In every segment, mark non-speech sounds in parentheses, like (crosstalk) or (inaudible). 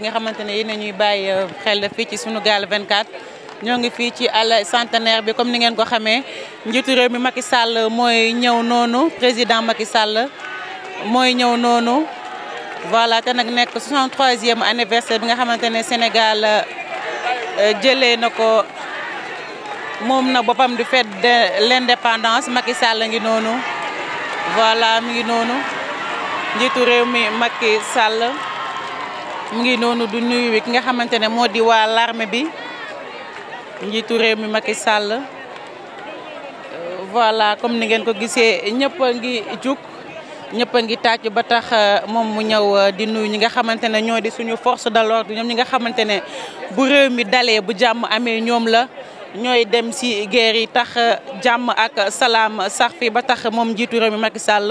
yi nga xamante ne yéen ñuy bàyyi euh, xel fii ci Sunugal 24 ñoo ngi fii ci àll centenaire bi comme ni ngeen ko xamee njiitu réew mi Macky sàll mooy ñëw noonu président Macky Sall mooy ñëw noonu voilà te nag nekk 63e anniversaire nga xamante ne Sénégal euh, jëlee na ko moom na boppam di fête de l'indépendance Sall ngi noonu voilà mi ngi noonu njiitu réew mi Macky Sall. mu ngi noonu du nuyu wi ki nga xamante ne moo di waa l'armée bi njiitu réew mi Macky sàll euh, voilà comme ni ngeen ko gisee ñëpp a ngi jug ñëpp a ngi tàcc ba tax euh, moom mu ñëw euh, di nuyu ñi nga xamante ne ñoo di suñu force de l'ordre ñoom ñi nga xamante ne bu réew mi dalee bu jàmm amee ñoom la ñooy dem ci guerre yi tax jàmm ak salaam sax fi ba tax moom njiitu réew mi Macky sàll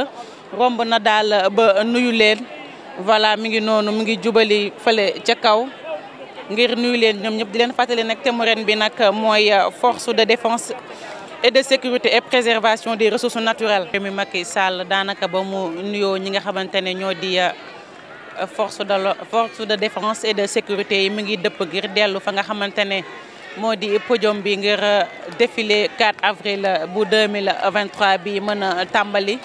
romb na daal ba nuyu leen. voilà mi ngi noonu mu ngi jubali fale ca kaw ngir nuyu leen ñoom ñëpp di leen fàttali nag thème ren bi nag mooy euh, force de défense et de sécurité et préservation des ressources naturelles. mi Macky Sall daanaka ba mu nuyoo ñi nga xamante ne ñoo di euh, force de force de défense et de sécurité yi mi ngi dëpp ngir dellu fa nga xamante ne moo di podium bi ngir euh, défilé 4 avril bu 2023 bi mën a tàmbali.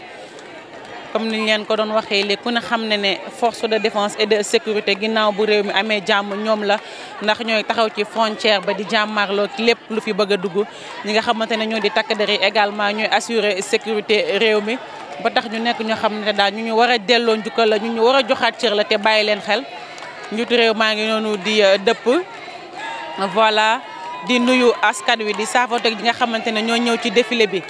comme ni ñu leen ko doon waxee léegi ku ne xam ne ne force de défense et de sécurité ginnaaw bu réew mi amee jàmm ñoom la ndax ñooy taxaw ci frontière ba di jàmmaarloo lépp lu fi bëgg a dugg ñi nga xamante ne ñoo di takk der également ñooy assurer sécurité réew mi ba tax ñu nekk ñoo xam ne daal ñu ñu war a delloo njukkal la ñu ñu war a joxaat cër la te bàyyi leen xel njiitu réew maa ngi noonu di euh, dëpp voilà di nuyu askan wi di saafoteeg ñi nga xamante ne ñoo ñëw ci défilé bi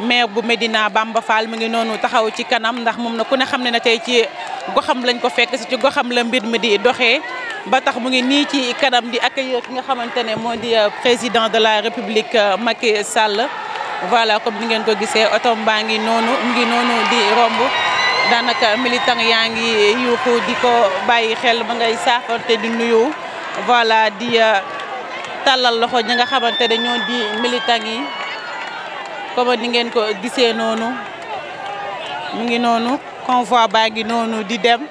maire bu Médina Bamba Fall mi ngi noonu taxaw ci kanam ndax moom na ku ne xam ne na tey ci goxam lañ ko fekk si ci goxam la mbir mi di doxee ba tax mu ngi nii ci kanam di accueillir ki nga xamante ne moo di euh, président de la république euh, Macky Sall voilà comme ni ngeen ko gisee oto baa ngi noonu mu ngi noonu di romb daanaka militant yaa ngi yuuxu di ko bàyyi xel ba ngay saafarte di nuyu voilà di euh, tàllal loxo ñi nga xamante ne ñoo di militant yi comme ni ngeen ko gisee noonu mu ngi noonu convoi baa ngi noonu di dem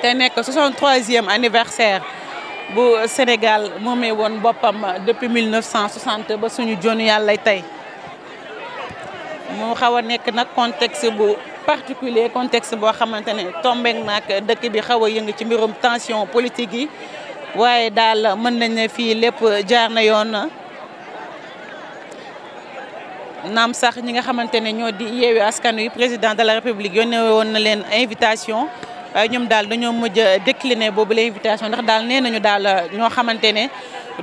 te nekk 63e anniversaire bu Sénégal moome woon boppam depuis 1960 ba suñu jonu yàlla tey mu xaw a nekk nag contexte bu particulier contexte boo xamante ne tombé naag dëkk bi xaw a yëngu ci mbirum tension politique yi waaye daal mën nañ ne fii lépp jaar na yoon naam sax ñi nga xamante ne ñoo di yeewi askan wi président de la république yónnee woon na leen invitation waaye euh, ñoom daal dañoo mujj décliné boobu la invitation ndax daal nee nañu daal ñoo xamante ne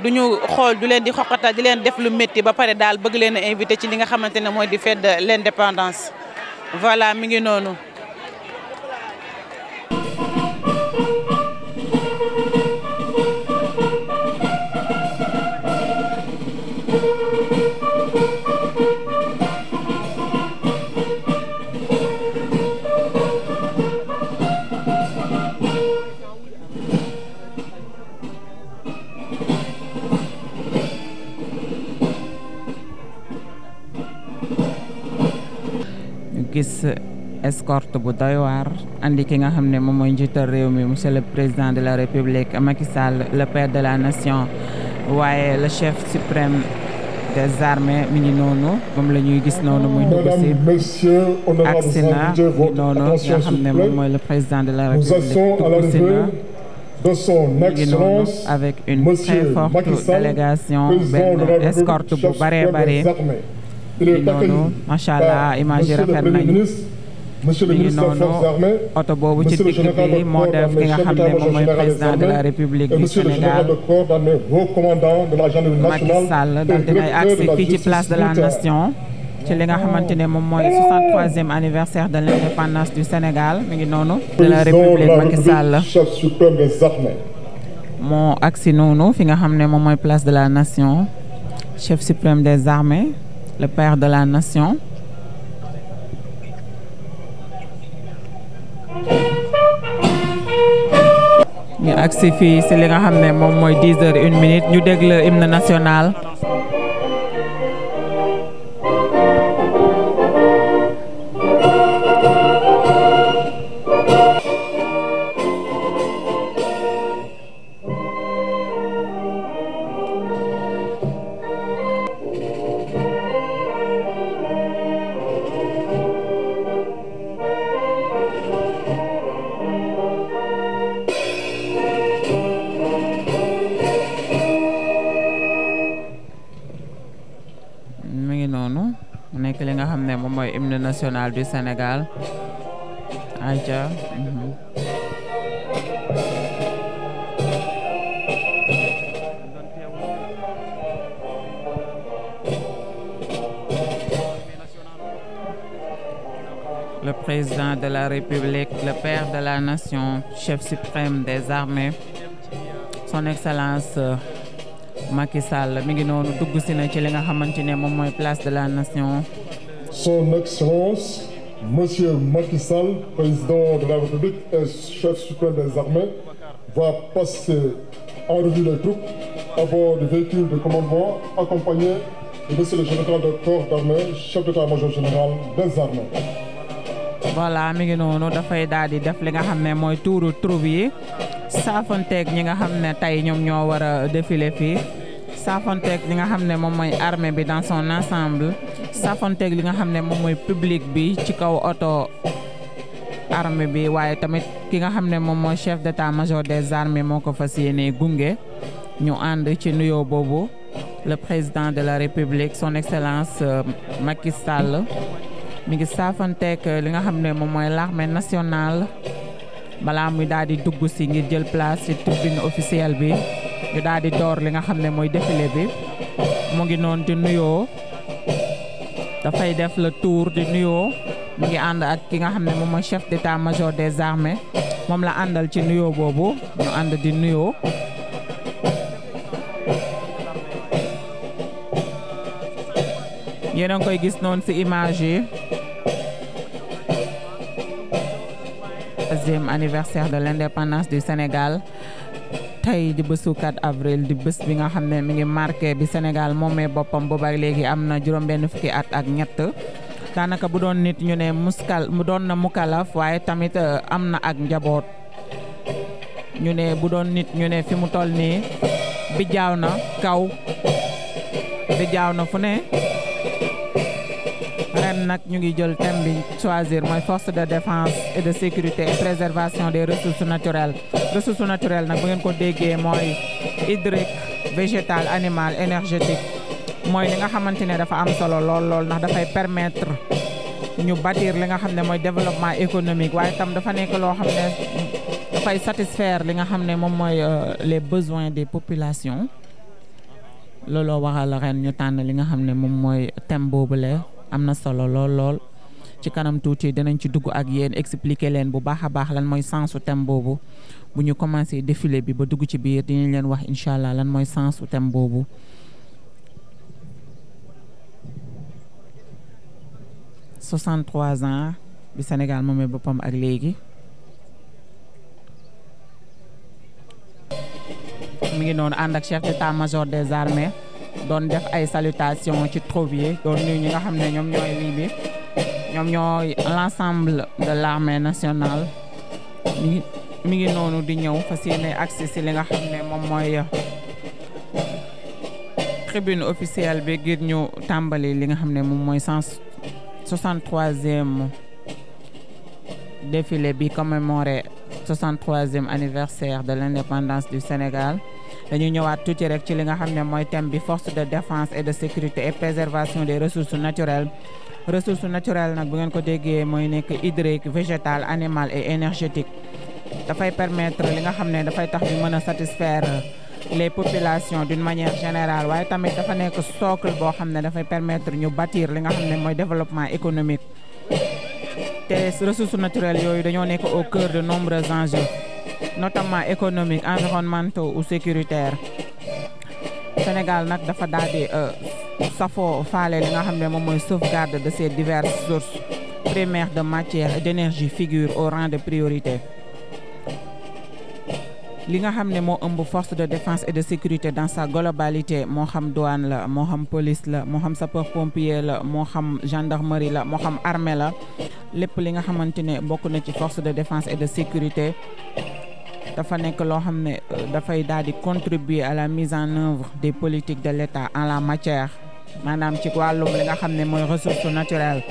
du ñu xool du leen di xoqata di leen def lu métti ba pare daal bëgg leen a invité ci li nga xamante ne mooy di fedd de l'indépendance voilà mi ngi noonu. escorte bu doy waar andi ki nga xam ne moom mooy njiital réew mi monsieur le président de la république Macky Sall le père de la nation waaye le chef suprême des armées mi ngi noonu moom la ñuy gis noonu muy dugg si ak mi noonu nga xam ne moom mooy le président de la république dugg si na de son avec une très forte benn escorte bu bare bare mi macha allah image rafet nañu mi ngi noonu oto boobu ci digg bi moo def ki nga xam ne moom président de la république du Sénégal Macky Sall daal dinay agsi fii ci place de la nation ci li nga xamante ne moom mooy 63e anniversaire de l'indépendance du Sénégal mi ngi noonu. de la république Macky Sall moo agsi noonu fi nga xam ne moom mooy place de la nation chef suprême de armées. le père de la nation ñu agsi fii si li nga xam ne moom mooy dix heures une minute ñu déglu hymne national nationale du Sénégal mhm. le président de la République, le père de la nation, chef suprême des armées, son excellence euh, Macky Sall mi ngi ci li nga xamante ne moom place de la nation Son Excellence, Monsieur Macky Sall, président de la République et chef suprême des armées, va passer en revue les troupes de commandement de Monsieur le de des armées. voilà mi ngi noonu dafay daal di def li nga xam ne mooy tuuru troupe yi saafanteeg ñi nga xam ne tey ñoom ñoo war a défilé fii saafanteeg ñi nga xam ne moom mooy armée bi dans ensemble. safonteeg li nga xam ne moom mooy public bi ci kaw oto armée bi waaye tamit ki nga xam ne moom mooy chef d'état-major des armées moo ko fa yéenee gunge ñu ànd ci nuyoo boobu le président de la république son excellence euh, Macky Sall mi ngi saafanteeg li nga xam ne moom mooy l'armée nationale balaa muy daal di dugg si ngir jël place ci tribune officielle bi ñu daal di door li nga xam ne mooy défilé bi mu ngi noonu di nuyoo. dafay def le tour di nuyoo mi ngi ànd ak ki nga xam ne moom mooy chef d'état-major des armées moom la àndal ci nuyoo boobu ñu ànd di nuyoo. yéen a ngi koy gis noon ci image yi. troisième anniversaire de l'indépendance du Sénégal. tey di bésu 4 avril di bés bi nga xam ne mi ngi marqué bi Sénégal moomee boppam bu boobaak léegi am na juróom-benn fukki at ak ñett daanaka bu doon nit ñu ne muskal mu doon na mukalaf waaye tamit eh, am na ak njaboot ñu ne bu doon nit ñu ne fi mu toll nii bi jaaw na kaw bi jaaw na fu ne ren nag ñu ngi jël thème bi choisir mooy force de défense et de sécurité et préservation des ressources naturelles ressources naturelles nag bu ngeen ko déggee mooy hydrique végétal animal énergétique mooy li nga xamante ne dafa am solo lool lool ndax dafay permettre ñu bâtir li nga xam ne mooy développement économique waaye tam dafa nekk loo xam ne dafay satisfaire li nga xam ne moom mooy euh, les besoins des populations looloo waral ren ñu tànn li nga xam ne moom mooy thème boobule am na solo lool lool ci kanam tuuti dinañ ci dugg ak yéen expliquer leen bu baax a baax lan mooy sensu thème boobu bu ñu commencé défilé bi ba dugg ci biir dinañ leen wax incha allah lan mooy sensu thème boobu. soixante bi Sénégal moomee boppam ak léegi. mi ngi noonu ànd ak chef d'état-major des armées. doon def ay salutation ci troupe yi doon nuyu ñi nga xam ne ñoom ñooy lii bi ñoom ñooy l'ensemble de l'armée nationale mi mi ngi noonu di ñëw fas yéene agsi si li nga xam ne moom mooy euh, tribune officielle bi ngir ñu tàmbali li nga xam ne moom mooy cent soixante-troisième défilé bi commémoré soixante-troisième anniversaire de l'indépendance du Sénégal dañu ñëwaat tuuti rek ci li nga xam ne mooy thème bi force de défense et de sécurité et préservation des ressources naturelles ressources naturelles nag bu ngeen ko déggee mooy nekk hydrique végétale animale et énergétique dafay permettre li nga xam ne dafay tax ñu mën a satisfaire les populations d'une manière générale waaye tamit dafa nekk socle boo xam ne dafay permettre ñu bâtir li nga xam ne mooy développement économique te ressources naturelles yooyu dañoo nekk au de nombreux enjeux notamment économiques environnementaux ou sécuritaire Sénégal nag dafa daal di euh, safoo faale li nga xam ne moom mooy sauvegarde de ces diverses sources primaires de matière et d'énergie figure au rang de priorité li nga xam ne moo ëmb force de défense et de sécurité dans sa globalité moo xam douane la moo xam police la moo xam sapeur pompier la moo xam gendarmerie la moo xam armée la lépp li nga xamante ne bokk na ci force de défense et de sécurité dafa nekk loo xam ne euh, dafay daal di contribuer à la mise en œuvre des politiques de l'État en la matière maanaam ci wàllum li nga xam ne mooy ressource naturelle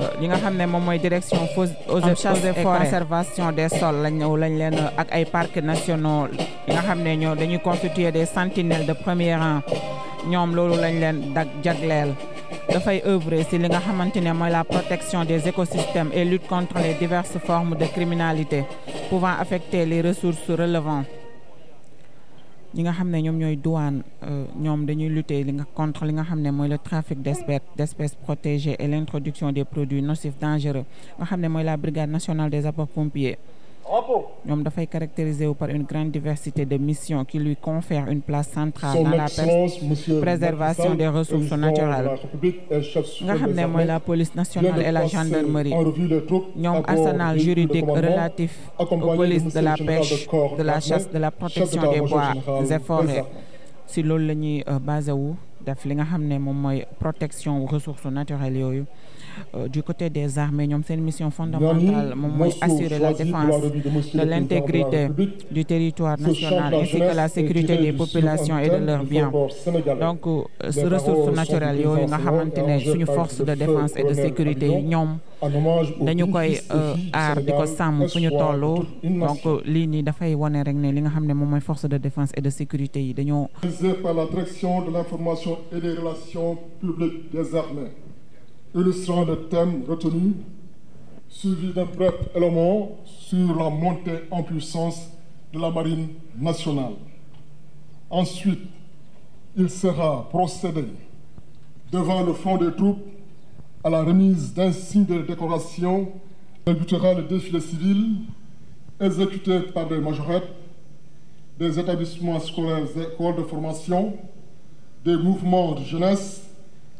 euh, li nga xam ne moom mooy direction fos aux et conservation des sols lañ lañ leen euh, ak ay parcs nationaux yi nga xam ne ñoo dañuy constituer des sentinelles de premier rang ñoom loolu lañ leen dag jagleel dafay œuvrer si li nga xamante ne mooy la protection des écosystèmes et lutte contre les diverses formes de criminalité pouvant affecter les ressources relevant ñi nga xam ne ñoom ñooy douane euh, ñoom dañuy lutter li nga contre li nga xam ne mooy le trafic d'espèces d'espèces protégées et l'introduction des produits nocifs dangereux nga xam ne mooy la brigade nationale des sapeurs-pompiers ñoom dafay caractériser wu par une grande diversité de missions qui lui confère une place centrale Son dans la préservation des ressources naturelles nga xam ne mooy la police nationale et la gendarmerie ñoom arsenal juridique relatif aux polices de la pêche de la chasse de la protection des bois et si loolu la ñuy euh, basé wu def li nga xam ne moom mooy protection ressources naturelles yooyu Euh, du côté des armées ñoom seen mission fondamentale moom mooy assurer la défense de l'intégrité du territoire national ainsi la sécurité des populations et de leurs biens donc euh, ressources naturelles yooyu nga xamante ne suñu force de défense et de sécurité yi ñoom dañu koy euh, aar di ko sàmm fu ñu toll donc lii nii dafay wone rek ne li nga xam ne moom mooy force de défense et de sécurité yi dañoo par l'information et des relations publiques des armées illustrant le thème retenu, suivi d'un bref élément sur la montée en puissance de la marine nationale. Ensuite, il sera procédé devant le front des troupes à la remise d'un signe de décoration débutera le défilé civil exécuté par des majorettes, des établissements scolaires et écoles de formation, des mouvements de jeunesse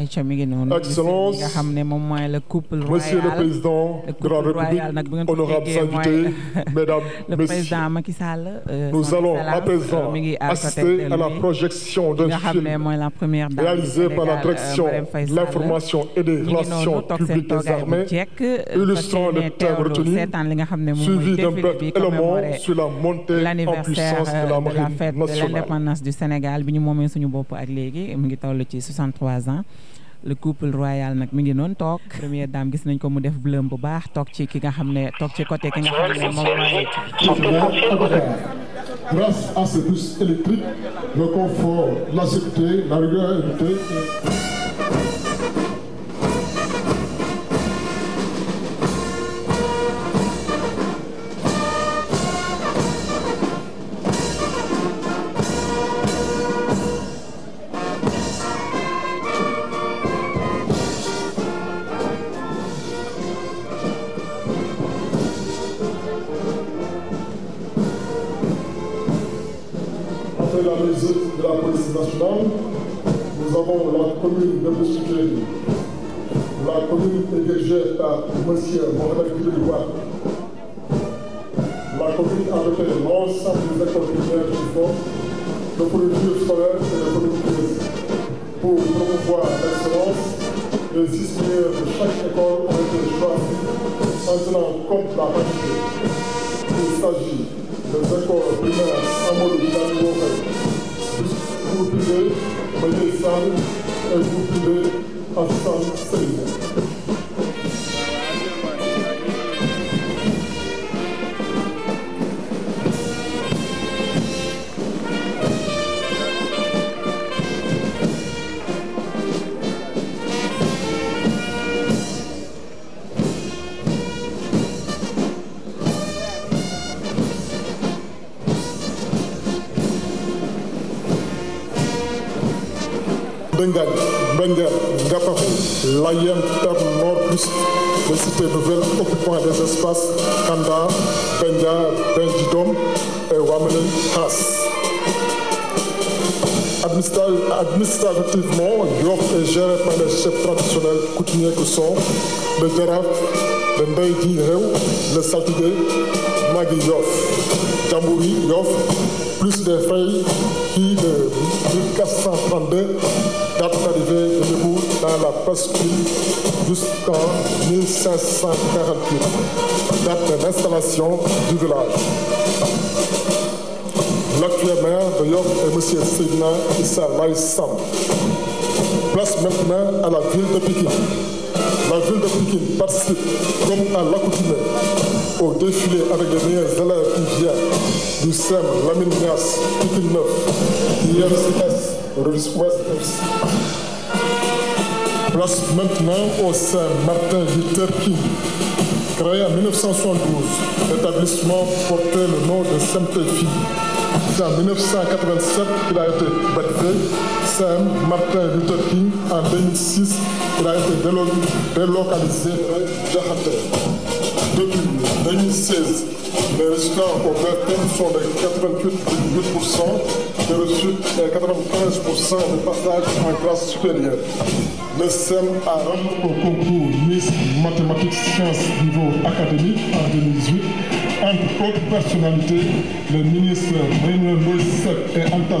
ayca mi ngi noonu. excellence nga xam ne moom mooy le couple royal monsieur le président de la république honorable invité (laughs) mesdames le président Macky Sall. Euh, nous allons à présent euh, assister à la projection d'un film réalisé par la direction de euh, l'information et des relations publiques des armées illustrant le thème retenu suivi d'un bref élément sur la montée en puissance de l'indépendance du Sénégal bi ñu moomee suñu bopp ak léegi mu ngi toll ci ans. le couple royal nag mi ngi noonu toog première dame gis nañ ko mu def blum bu baax toog ci ki nga xam ne toog ci côté ki nga xam ne moom mooy grâce à ces bus électriques le confort la sécurité la régularité la police nationale, nous avons la commune de Moussiké, la commune dirigée par M. Mohamed Kouliba, la commune avec l'ensemble des écoles primaires qui font le politique scolaire et le politique pour promouvoir l'excellence les disciplinaires de chaque école ont été choisis en tenant compte de la parité. Il s'agit des écoles primaires Amadou Diallo Aslan, Ebu Bey, Aslan Sayın. saltige nag yi Yoff plus des frais qui de 1432 date d'arrivée de dans la presqu'île jusqu'en 1548 de l'installation du village L'actuel de Yoff est M. Seydina Issa Laye Place maintenant à la ville de Pikine. la ville de Pikine participe comme à l'accoutumée au défilé avec les meilleurs élèves qui viennent du SEM Lamine Niass Pikine 9 IFCS Rufisque Ouest Place maintenant au Saint-Martin Luther King créé en 1972 l'établissement le nom de Sainte-Fille c'est en 1987 qu'il a été baptisé Saint-Martin Luther King en il a été délocalisé à Jakarta depuis 2016. Les résultats encore sont de 88,8% de réussite et 95% de passage en classe supérieure. Le SEM a remporté au concours Miss Mathématiques Sciences niveau académique en 2018 entre autres personnalités, le ministre Manuel Moïse et Anta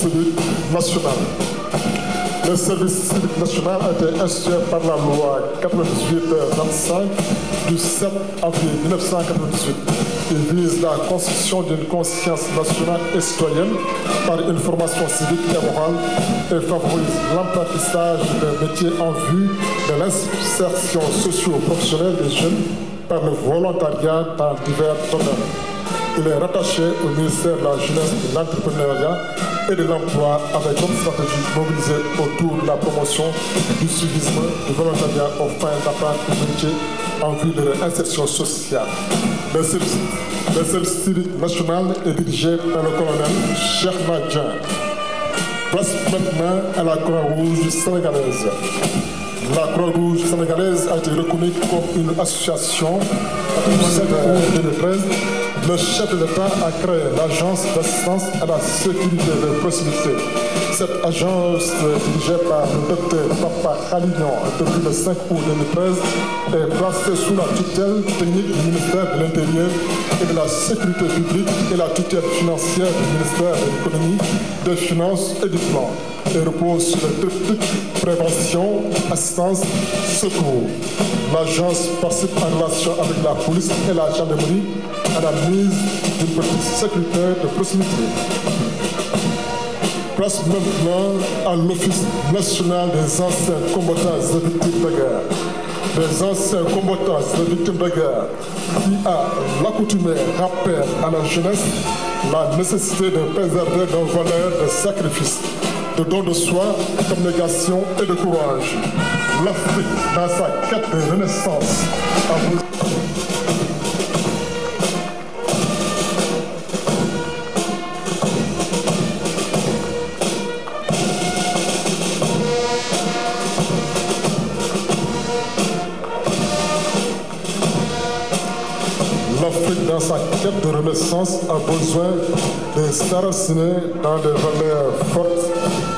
civique national. Le service civique national a été par la loi du avril Il vise la construction d'une conscience nationale et par une formation civique et favorise l'apprentissage des métiers en de l'insertion socio-professionnelle des jeunes par le volontariat dans divers domaines. Il est rattaché au ministère de la Jeunesse de l'Entrepreneuriat et de l'emploi avec comme stratégie mobilisée autour de la promotion du civisme, du volontariat aux fins d'apprendre au métier en vue de l'insertion sociale. Le service, le service civique par le colonel Cheikh Madjan. Place maintenant à la Croix-Rouge sénégalaise. La Croix-Rouge sénégalaise a été reconnue comme une association en 2013 le chef de l'État a créé l'agence d'assistance à la sécurité des proximités. Cette agence, dirigée par le docteur Papa Khalignon depuis le 5 août 2013, est placée sous la tutelle technique du ministère de l'Intérieur et de la Sécurité publique et la tutelle financière du ministère de l'Économie, des Finances et du prévention, assistance, secours. L'agence participe en relation avec la police et la gendarmerie à la mise d'une politique sécuritaire de proximité. Place maintenant à l'Office national des anciens combattants et victimes de guerre. Des anciens combattants et victimes de guerre qui, à l'accoutumée, rappellent à la jeunesse la nécessité de préserver nos valeurs de sacrifice, de don de soi, d'abnégation et de courage. L'Afrique, dans sa quête de renaissance, a chef de Renaissance a besoin de s'enraciner dans des valeurs fortes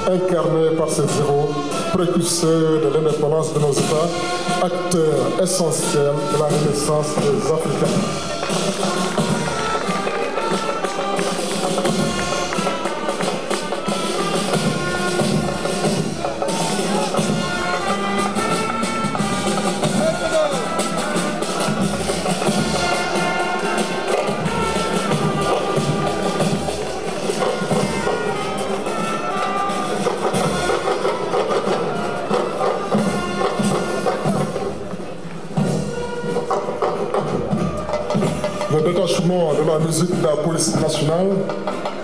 incarnées par ses héros, précurseurs de l'indépendance de nos États, acteurs essentiels de la Renaissance des Africains. suite la police nationale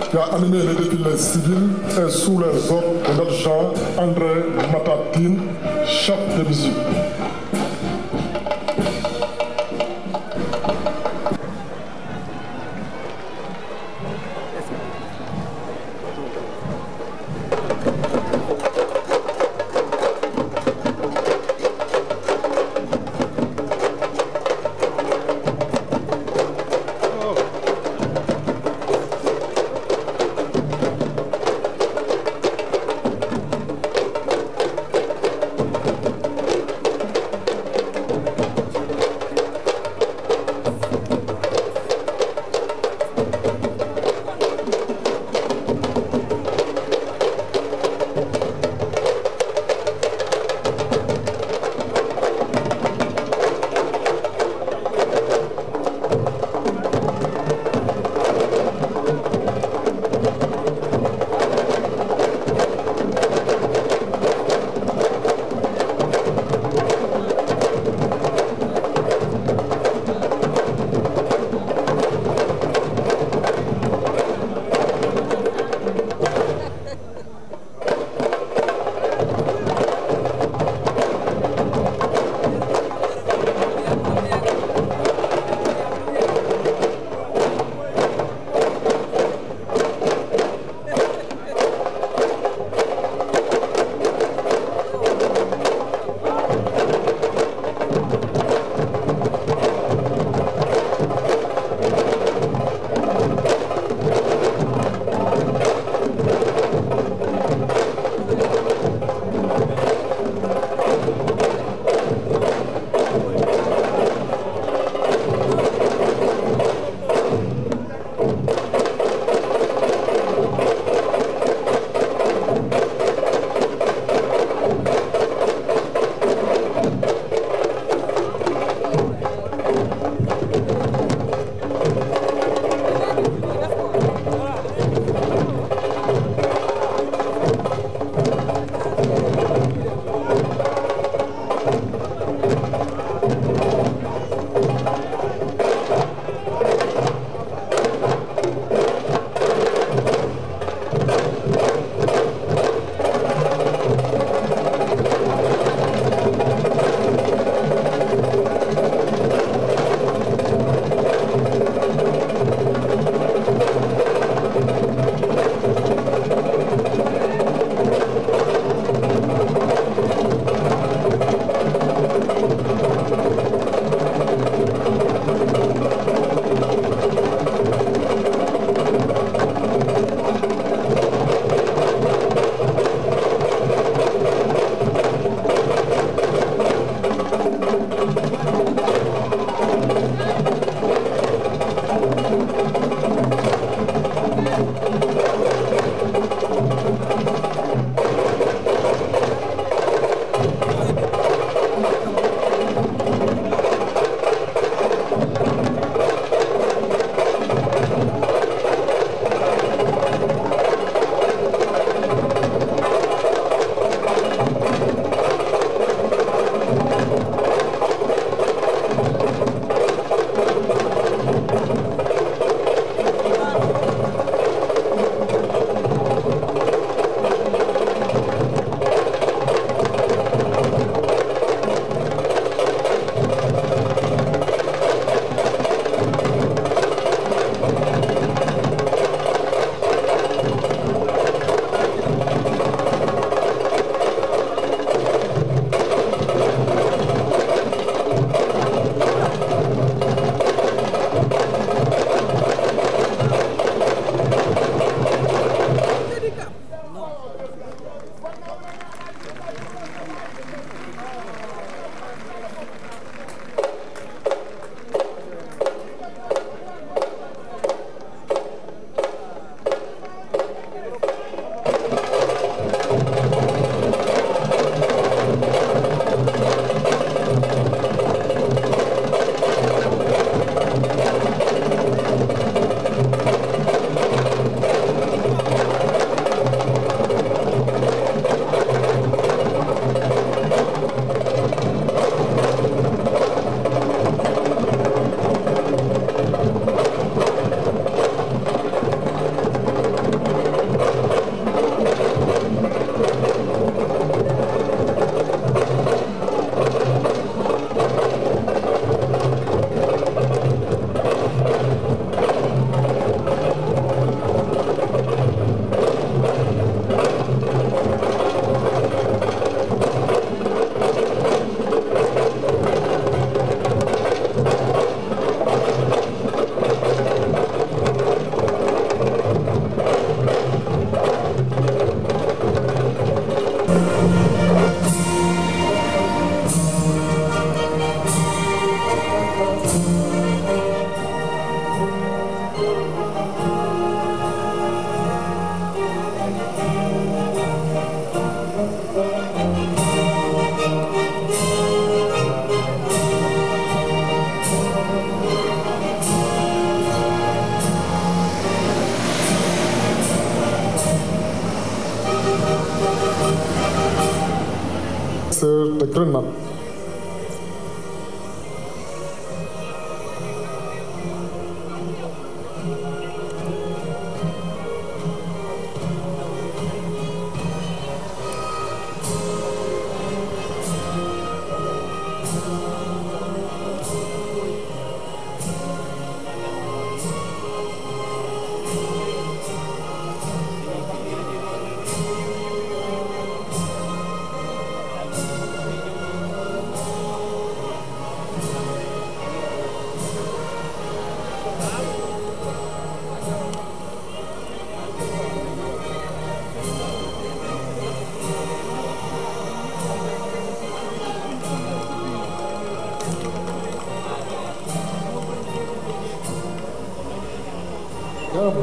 qui animé les défilés civils et sous les de notre André Matatine, chef de musique.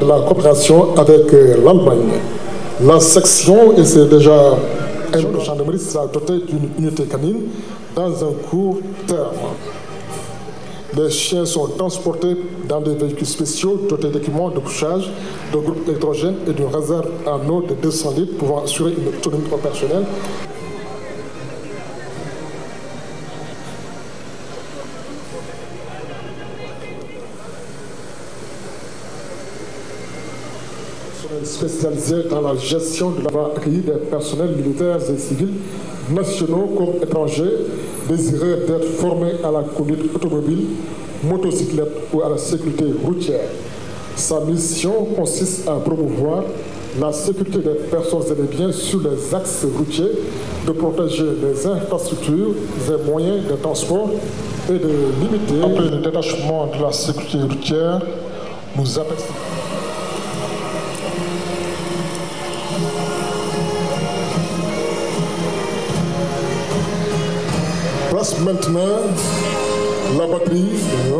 la coopération avec euh, l'Allemagne. La section, et c'est déjà un de gendarmerie, sera dotée d'une unité canine dans un court terme. Les chiens sont transportés dans des véhicules spéciaux dotés d'équipements de couchage, de groupes électrogènes et d'une réserve en eau de pouvant assurer une autonomie opérationnelle organisée dans la gestion de l'avoir accueilli des personnels militaires et civils nationaux comme étrangers désireux d'être formés à la conduite automobile, motocyclette ou à la sécurité routière. Sa mission consiste à promouvoir la sécurité des personnes et des les axes de protéger les infrastructures et moyens de transport et de limiter. le détachement de la sécurité routière, nous apercevons maintenant la batterie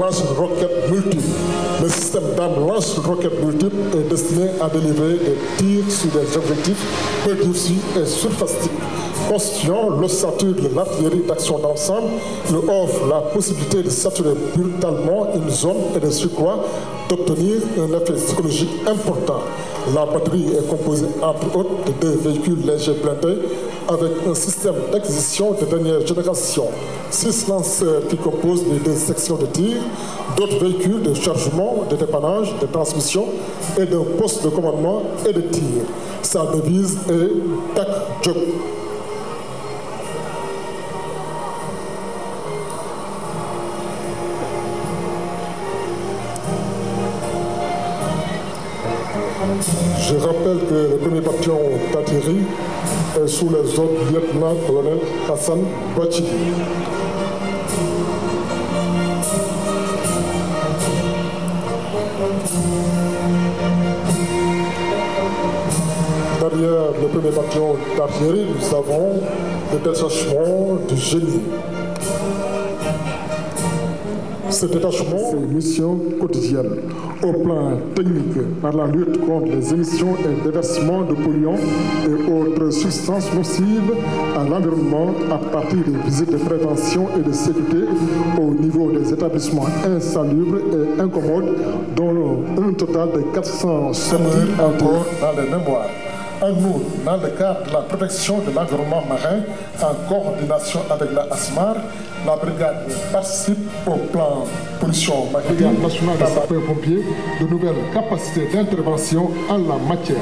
lance-roquettes multiples. Le système d'armes lance-roquettes multiples est destiné à délivrer des tirs sur des objectifs peu durcis et surfaciques, constituant l'ossature de l'artillerie d'action d'ensemble, leur offre la possibilité de saturer brutalement une zone et de surcroît d'obtenir un effet psychologique important. La batterie est composée entre autres de deux véhicules légers blindés avec un système d'acquisition de dernière génération. Six lanceurs qui composent les sections de tir, d'autres véhicules de chargement, de dépannage, de transmission et d'un poste de commandement et de tir. Sa devise est TAC Je rappelle que le premier bataillon d'artillerie et sous les ordres du lieutenant-colonel Hassan Bachi. Derrière le premier bataillon d'artillerie, nous avons le détachement du génie. ce détachement, ses missions quotidiennes, au plan technique, par la lutte contre les émissions et déversements de polluants et autres substances nocives à l'environnement à partir des visites de prévention et de sécurité au niveau des établissements insalubres et incommodes, dont un total de 400 sorties encore dans les mémoires. En outre, dans le cadre de la protection de l'environnement marin, en coordination avec la ASMAR, la brigade participe au plan pollution maritime. Brigade nationale des sapeurs-pompiers, de nouvelles capacités d'intervention en la matière.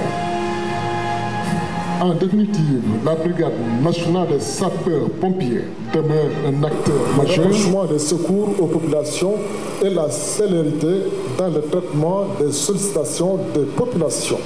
En définitive, la brigade nationale des sapeurs-pompiers demeure un acteur majeur. Le choix secours aux populations et la célérité dans le traitement des sollicitations des populations.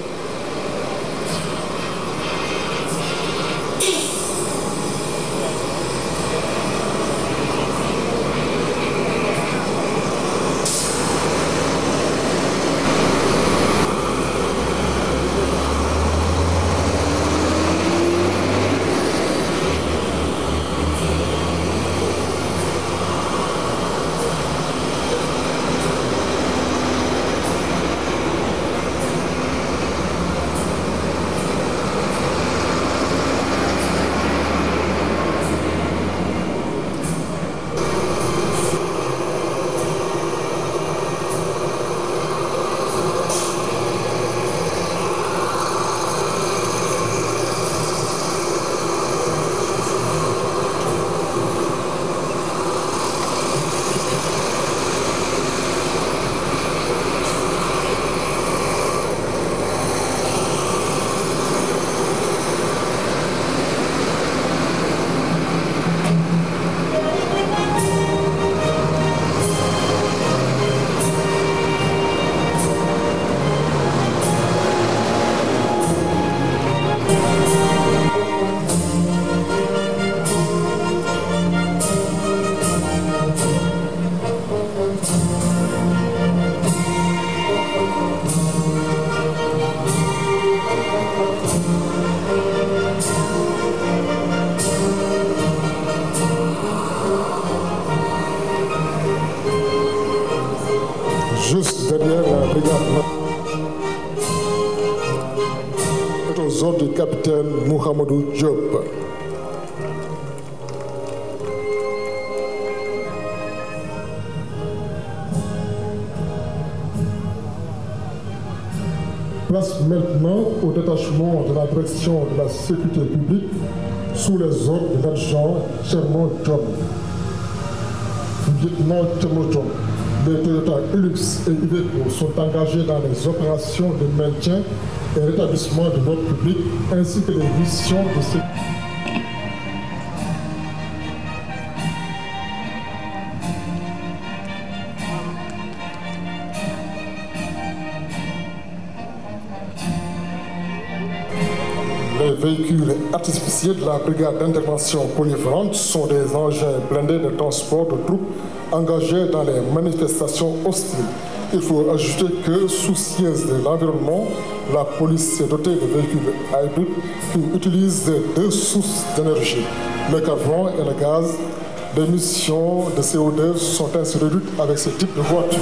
sécurité publique les ordres de l'adjudant Tcherno John. et Iveco sont engagés dans les opérations de maintien et rétablissement de l'ordre public ainsi que les missions de sécurité. véhicules et de la brigade d'intervention polyvalente sont des engins blindés de transport de troupes engagés dans les manifestations hostiles. Il faut ajouter que, soucieuse de l'environnement, la police s'est dotée de véhicules hybrides qui utilisent deux sources d'énergie, le carburant et le gaz. Les émissions de CO2 sont ainsi réduites avec ce type de voiture.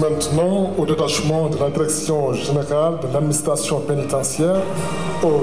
maintenant au détachement de la direction générale de l'administration pénitentiaire aux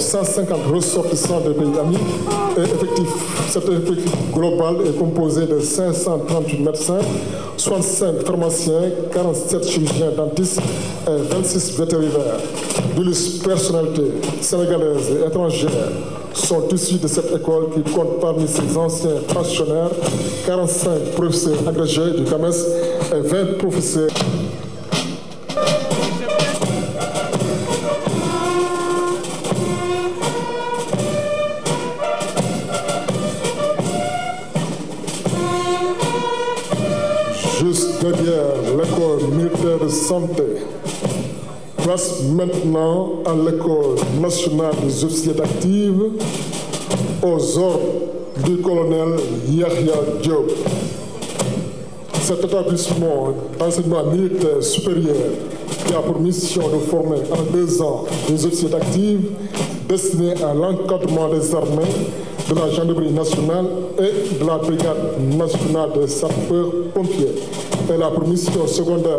150 ressortissants des pays amis et effectif, cet effectif global est composé de 538 médecins, 65 pharmaciens, 47 chirurgiens dentistes et 26 vétérinaires. 12 personnalités sénégalaises et étrangères sont issues de santé passe maintenant à l'École nationale des officiers d'active aux ordres du colonel Yahya Diop. Cet établissement d'enseignement militaire supérieur qui a pour de former en deux ans des officiers d'active destinés à l'encadrement des armées, de la gendarmerie nationale et de la brigade nationale des sapeurs-pompiers et la pour secondaire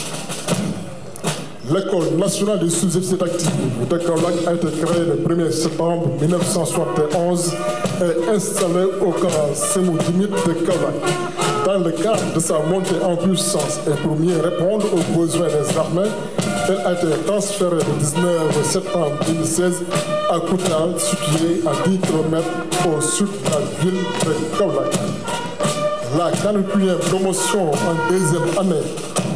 L'école nationale des sous-officiers de Kaolack a été créée le 1er septembre et installée au camp Semou Dimit de Kaolack. Dans le cadre de sa montée en puissance et pour répondre aux besoins des armées, elle a été transférée le 19 septembre à Koutal, située à 10 au sud de la ville de Kaolack. La 48 promotion en deuxième année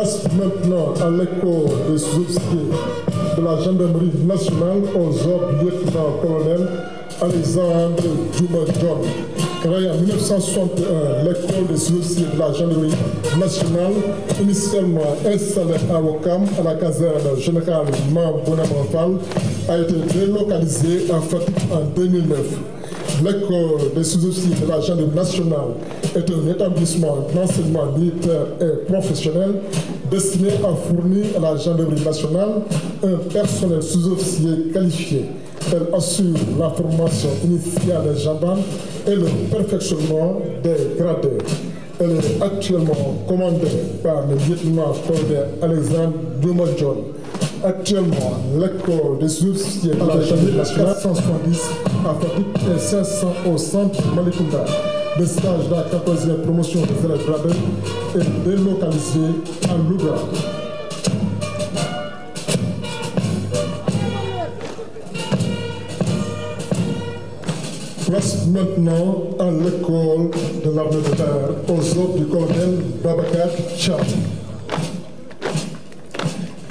Place maintenant à l'écho des officiers de la gendarmerie nationale aux ordres lieutenant-colonel Alexandre Duma John. Créé en l'école des officiers de la gendarmerie nationale, initialement installée à Wakam, à la caserne générale Mambonamafal, a été délocalisée à Fatigue en l'école uh, des sous-officiers de la gendarmerie nationale est un établissement d'enseignement militaire et professionnel destiné à fournir à la gendarmerie nationale un personnel sous-officier qualifié. Elle assure la formation initiale des gendarmes et le perfectionnement des gradés. Elle est actuellement commandée par le lieutenant-colonel Alexandre Dumadjon. Actuellement, l'école des sourciers à la chaîne 470 à Fatick et 500 au centre Malicounda. Le stage la promotion des élèves Bradel délocalisé à l'école de l'armée de terre aux ordres du colonel Babacar Tcham.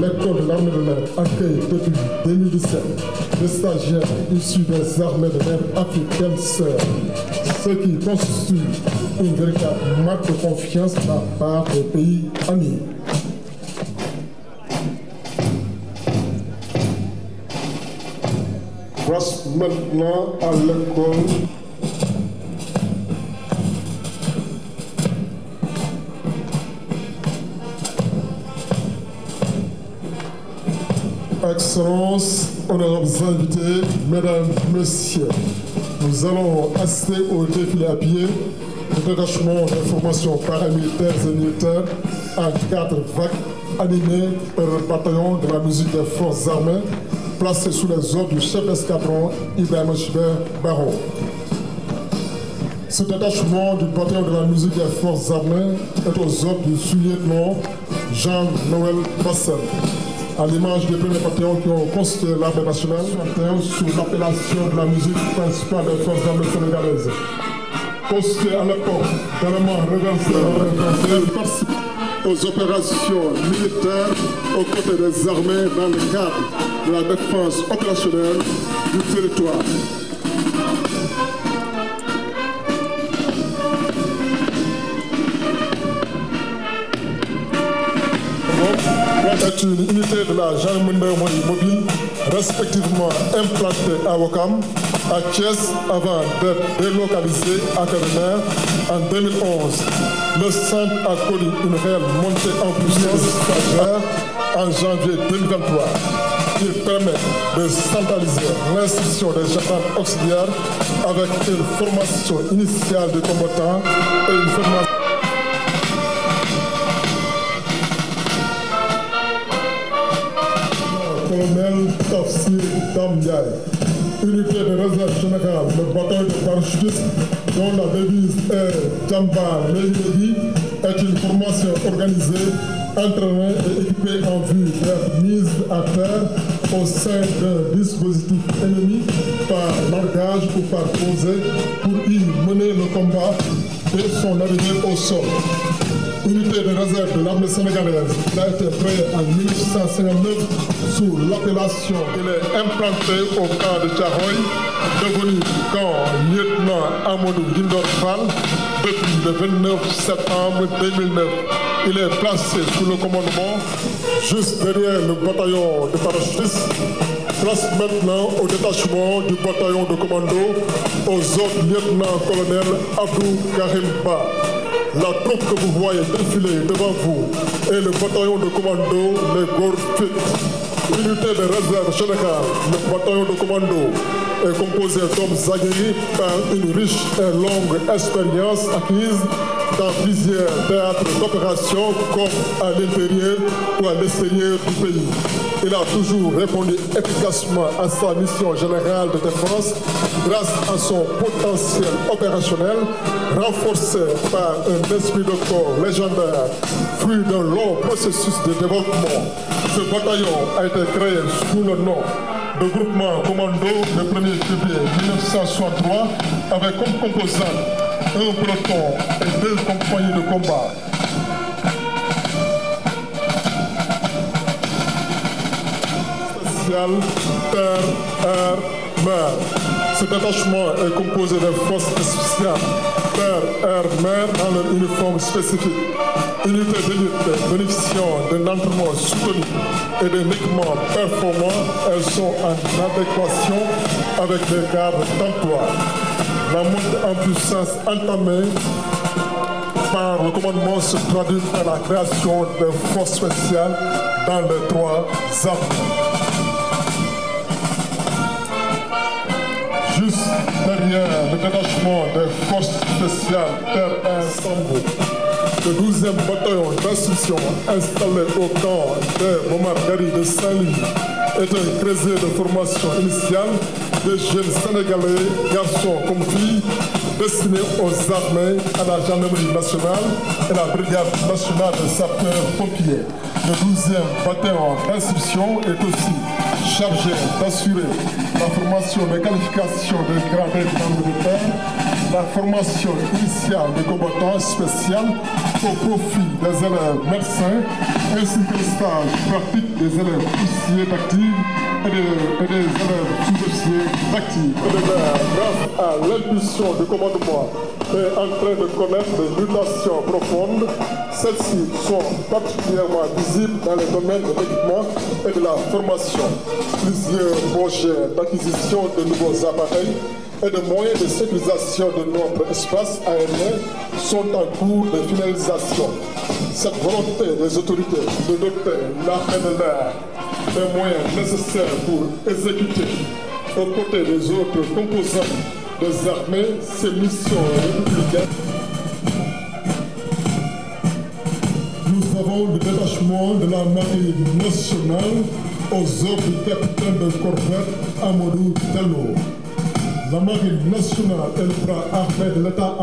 l'école l'armée de l'air accueille depuis 2017 des stagiaires issus des armées de l'air africaines sœurs, ce qui constitue une véritable de confiance de part des pays amis. Excellences, honorables invités, Mesdames, Messieurs, nous allons assister au défilé à pied du détachement des formations paramilitaires et militaires à quatre vagues animées par le bataillon de la musique des forces armées placé sous les ordres du chef d'escadron Ibrahima Chibert Barro. Ce détachement du bataillon de la musique des forces armées est aux ordres du sous-lieutenant Jean-Noël Bassel. à l'image des premiers panthéons qui ont constitué de la musique principale des forces armées sénégalaises. Constitué à l'époque vraiment réverencé, participe aux opérations militaires aux côtés dans le cadre de la défense opérationnelle du territoire. est une unité de la gendarmerie mobile, respectivement implantée à Wakam, à Thiès avant d'être délocalisée en Le centre a connu une réelle montée en puissance en janvier 2023. Il permet de centraliser l'institution des gendarmes auxiliaires avec une formation initiale de combattants et une colonel Tafsir Tamdiaï. Unité de réserve générale, le bataillon de parachutistes, dont la devise est Tamba Lady, est une formation organisée, entraînée et équipée en vue d'être à terre au sein d'un dispositif ennemi par largage ou par posée pour y mener le combat et son arrivée au sol. unité de réserve de l'armée sénégalaise été créée en sous l'appellation Il est implanté au camp de Thiaroye, devenu camp lieutenant Amadou Guindor Fall depuis le septembre 2009. Il est placé sous le commandement juste derrière le bataillon de parachutistes place au détachement du bataillon de commando aux autres lieutenants-colonels Abdou Karim La troupe que vous voyez défiler devant vous est le bataillon de commando Les Gold Fit. de réserve Sénégal, le bataillon de commando, est composé d'hommes aguerris par une riche et longue expérience acquise dans plusieurs théâtres d'opération comme à l'intérieur ou à l'extérieur du pays. Il a toujours répondu efficacement à sa mission générale de défense grâce à son potentiel opérationnel renforcé par un esprit de corps légendaire, fruit d'un long processus de développement. Ce bataillon a été créé sous le nom le groupement commando le 1er février 1963 avait composante un peloton et deux compagnies de combat. social terre air mer cet attachement est composé des forces spéciales terre air mer dans leur uniforme spécifique unité d'élite bénéficiant d'un entraînement soutenu et d'un équipement performant elles sont en adéquation avec les cadres d'emploi la montée en puissance par le commandement se traduit par la création de forces spéciales dans les trois armées dernière, le détachement des forces spéciales Terre Sambou, le 12 bataillon d'instruction installé au camp des Momargari de Saint-Louis, est un creuset de formation initiale des jeunes Sénégalais, garçons comme filles, destinés aux armées, à la gendarmerie nationale et la brigade nationale de sapeurs-pompiers. Le 12 bataillon d'instruction est aussi chargé d'assurer la formation de qualification des gradés militaires, la formation initiale de combattants spécial au profit des élèves médecins ainsi que le des élèves poussiers d'actifs et des, et des élèves à l'intuition du commandement, est en train de connaître des mutations profondes. Celles-ci sont particulièrement visibles dans les domaines de l'équipement et de la formation. Plusieurs projets d'acquisition de nouveaux appareils et de moyens de sécurisation de notre espace aérien sont en cours de finalisation. Cette volonté des autorités de doter l'armée de les moyens nécessaires pour exécuter aux côtés des autres composants des armées ces missions républicaines. Nous avons le détachement de la marine nationale aux ordres du de corvette Amadou Diallo. La marine nationale est le bras armé de l'État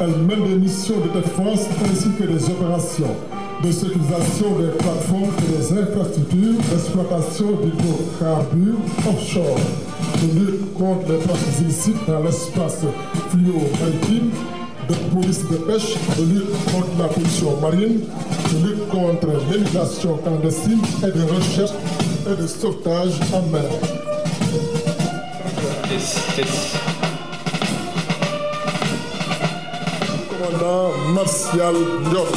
Elle mène des missions de défense ainsi que des opérations. de sécurisation des plateformes et des infrastructures d'exploitation d'hydrocarbures offshore, de lutte contre les pratiques l'espace fluo-maritime, de police de pêche, de lutte contre la pollution marine, de lutte contre l'émigration clandestine et de recherche et de sauvetage en mer. Yes, yes. Commandant Martial Diop.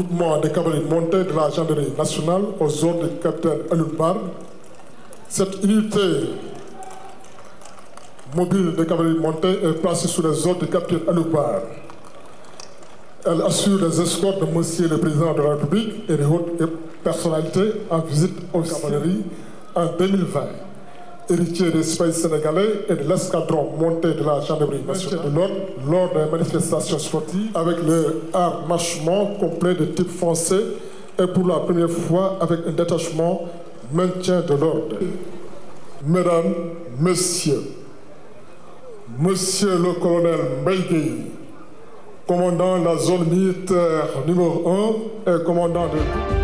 groupement de cavalerie montée de la gendarmerie nationale aux ordres du capitaine Alioune Mar. Cette unité mobile de cavalerie montée est placée sous les ordres du capitaine Alioune Mar. Elle assure les escortes de monsieur le président de la République et de hautes personnalités en visite aux cavaleries en héritier des citoyens sénégalais et de l'escadron monté de la gendarmerie nationale de l'ordre des manifestations sportives avec le harnachement complet de type foncé et pour la première fois avec un détachement maintien de l'ordre. Mesdames, Messieurs, Monsieur le colonel Mbaye commandant la zone militaire numéro et commandant de...